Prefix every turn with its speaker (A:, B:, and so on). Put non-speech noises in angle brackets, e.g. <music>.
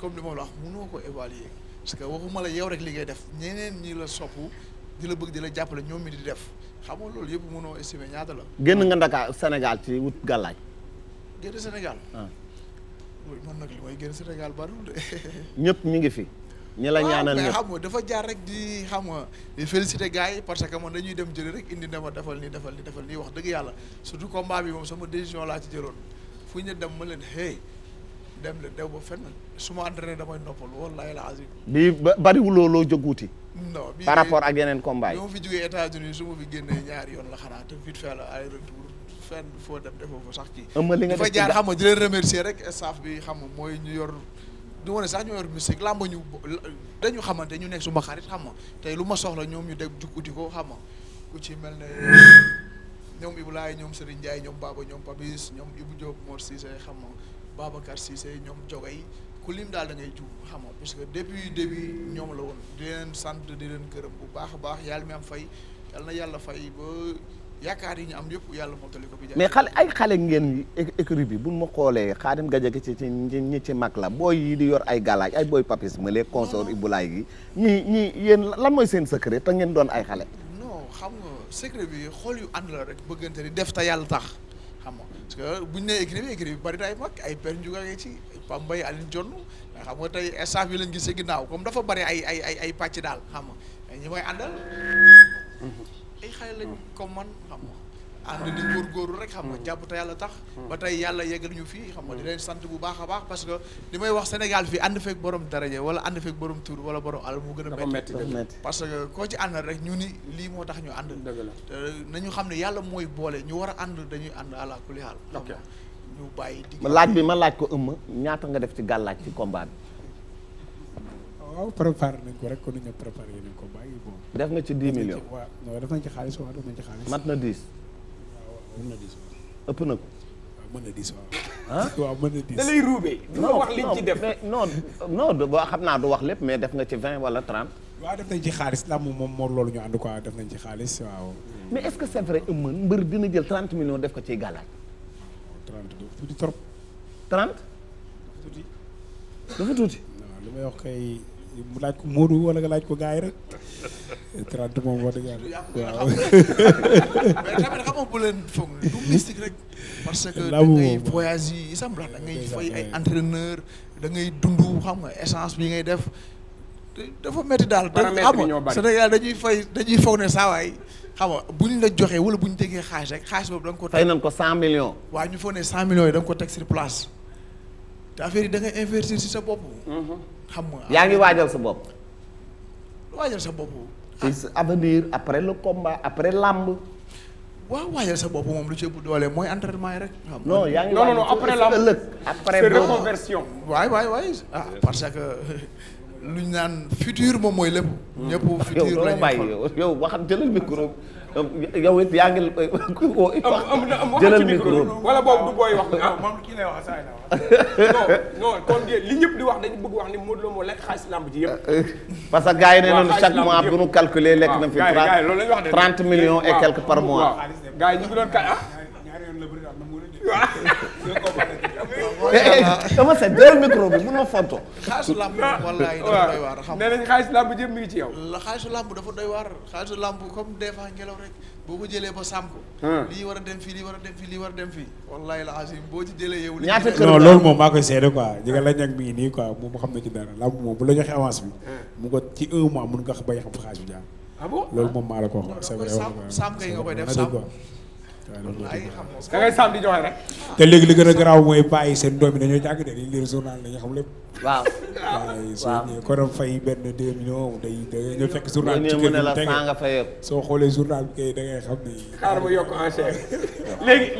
A: comme li wax ko évaluer parce que waxuma la yow rek li def ñeneen ñi la sopp di bëgg di la jàppale mi di def xam nga loolu yëpp mënoo estimer ñaata la.
B: génn nga Dakar Sénégal ci wut gàllaaj.
A: génn Sénégal. man nag li may génn Sénégal bariwul de.
B: ñëpp ñu ngi fi. ñi la ñaanal ñëpp xam
A: nga dafa jaar rek di xam nga di féliciter gars yi parce que man dañuy dem jëli rek indi na ma defal nii defal nii defal nii wax dëgg yàlla surtout combat bi moom sama décision laa ci jëloon fu ñu dem ma leen hey. dem de dew ba fenn su ma entraîné damay noppal wallahi la azim
B: bii bariwuloo loo jóg wuti
A: non bii par rapport
B: ak yeneen combat yi. bi ma fi
A: jógee États-Unis su ma fi génnee ñaari yoon la xanaa te vite fait ay retour fenn foo dem defoo fa sax kii. ëmb li nga def fa jaar xam nga di leen rek staff bi xam nga mooy ñu yor. du ma ne sax ñoo yor musique làmb ñu dañu xamante ñu nekk suma xarit xam nga tey lu ma soxla ñoom ñu deg jukkuti ko xam nga ku ci mel ne ñoom Ibou Laye ñoom Serigne Ndiaye ñoom Baba ñoom Pabis ñoom Ibou Diop Mor Cissé xam nga Babacar Cissé ñoom jogay ku lim daal da ngay jub xam nga parce que depuis début ñoom la woon di sant di leen këram bu baax a baax yàlla mi am fay yàlla na yàlla fay ba yaakaar yi ñu am yëpp yàlla mottali ko bi mais xale
B: ay xale ngeen écurie bi buñ ma xoolee Xaadim Gadiaga ci ci ñi ci mag la booy yi di yor ay galaaj ay booy papis ma male consort ibulaay gi ñii ñii yéen la mooy seen secret te ngeen doon ay xale
A: non xam nga secret bi xool yu ànd la rek bëggante di def te yàlla tax xam nga parce que bu ñu nee écurie bi bari na ay mag ay père Ndiouga ci Pape Mbaye Alioune Dione xam nga tey staff yi lañ gis ci ginnaaw comme dafa bari ay ay ay ay pàcc daal xam nga ñi may àndal mm-hmm. ay xale lañ comme man xam nga and ah, di gor goru rek xam nga hmm. jappu ta yalla tax hmm. ba tay yalla yegal ñu fi xam nga di hmm. leen sante bu baaxa baax parce que limay wax senegal fi and fek borom daraje wala and fek borom tour wala borom al mu gëna metti parce que ko ci and rek ñu ni li tax ñu and nañu xam ne yalla moy boole ñu wara and dañuy and
C: ala kulli hal ñu bayyi di
A: ma
B: laaj bi ma laaj ko eum ñaata nga def ci galaaj ci combat
C: bi waaw prepare nañ ko rek ko ñu ko bayyi bon
B: def nga ci 10 millions
C: waaw def nañ ci xaaliss waaw def nañ ci xaaliss mat na 10 mën na diis waaw. ëpp na ko. waaw mën na diis waaw. ah mën na diis. da lay ruube. dina wax
B: liñ xam naa du wax lépp mais def nga ci vingt wala trente.
C: waaw def nañ ci xaalis làmb moom moo loolu ñu ànd quoi def nañ ci xaalis waaw. mais est-ce que c'est vrai ëmb mbër dina jël trente millions def ko ci gàllaaj. trente du tuuti trop. trente. tuuti. dafa tuuti. waaw li may wax kay. mu laaj ko Moodu wala nga laaj ko gars yi rek 30 moom wax dëgg yàlla waaw. mais tamit xam nga bu leen foog du mystique rek. parce que da
A: voyage yi sam da ngay fay ay entraîneur da dund xam nga essence bi ngay def dafa métti daal. paramètres yi ñoo bari Sénégal dañuy fay dañuy foog ne saawaay xam nga bu ñu la joxee wala bu ñu tegee xaalis rek xaalis boobu da ko. fay nañ ko 100 millions. waaw ñu foog ne 100 yi da ko teg place. te affaire yi da ngay investir si sa bopp. xam nga
B: yaa ngi waajal sa bopp. waajal sa bopp. sa avenir après le combat après làmb. waaw waajal sa bopp moom lu ci ëpp doolee mooy
A: entraînement yi rek. xam non yaa ngi non non après waaye waaye après c'est ah, parce que <laughs> lu ñu naan futur moom mooy lépp. Hmm. ñëpp <laughs> futur la ñuy
B: yow waxante la micro. yow it yaa ngi jëlal micro
C: wala boobu du booy wax ah, wax saa li ñëpp di wax dañu bëgg wax ni Modou Lo moo lekk xaalis lamb ji yëpp
B: parce que gars yi chaque mois bu ñu calculer lekk na fi trente millions et quelques par mois
C: dama
B: <laughs> set jëlal micro bi mun ma fonto
C: xaalisu làmb wallaay dafa doy waar xam nee nañ xaalisu làmb jëm mi ngi ci yow dafa doy waar
A: xaalisu làmb comme des fois ngelaw rek boo ko jëlee ba samp ko ah. lii war a dem fii lii war a dem fii lii war a dem fii wallaay la asim boo ci jëlee yow
B: ñaata kër non loolu moom
C: maa koy seede quoi la ñag mi ngi nii quoi moom xam na ci dara moom bu la joxe avance bi ah. mu ko ci un mois nga bay xam xaalis bi jaar ah loolu moom maa la ko wax c'est vrai sàmm nga koy def sàmm da ngay sàmm di joxe rek. te léegi li gën a garaaw mooy bàyyi seen doom yi dañoo jàng de dañuy lire journal dañuy xam lépp. waaw waaw soo ñëwee korom fay benn deux millions day day ñu fekk journal bi ci kër gi tege soo xoolee journal bi kay da xam ni. xaaral ma yokk enchère léegi.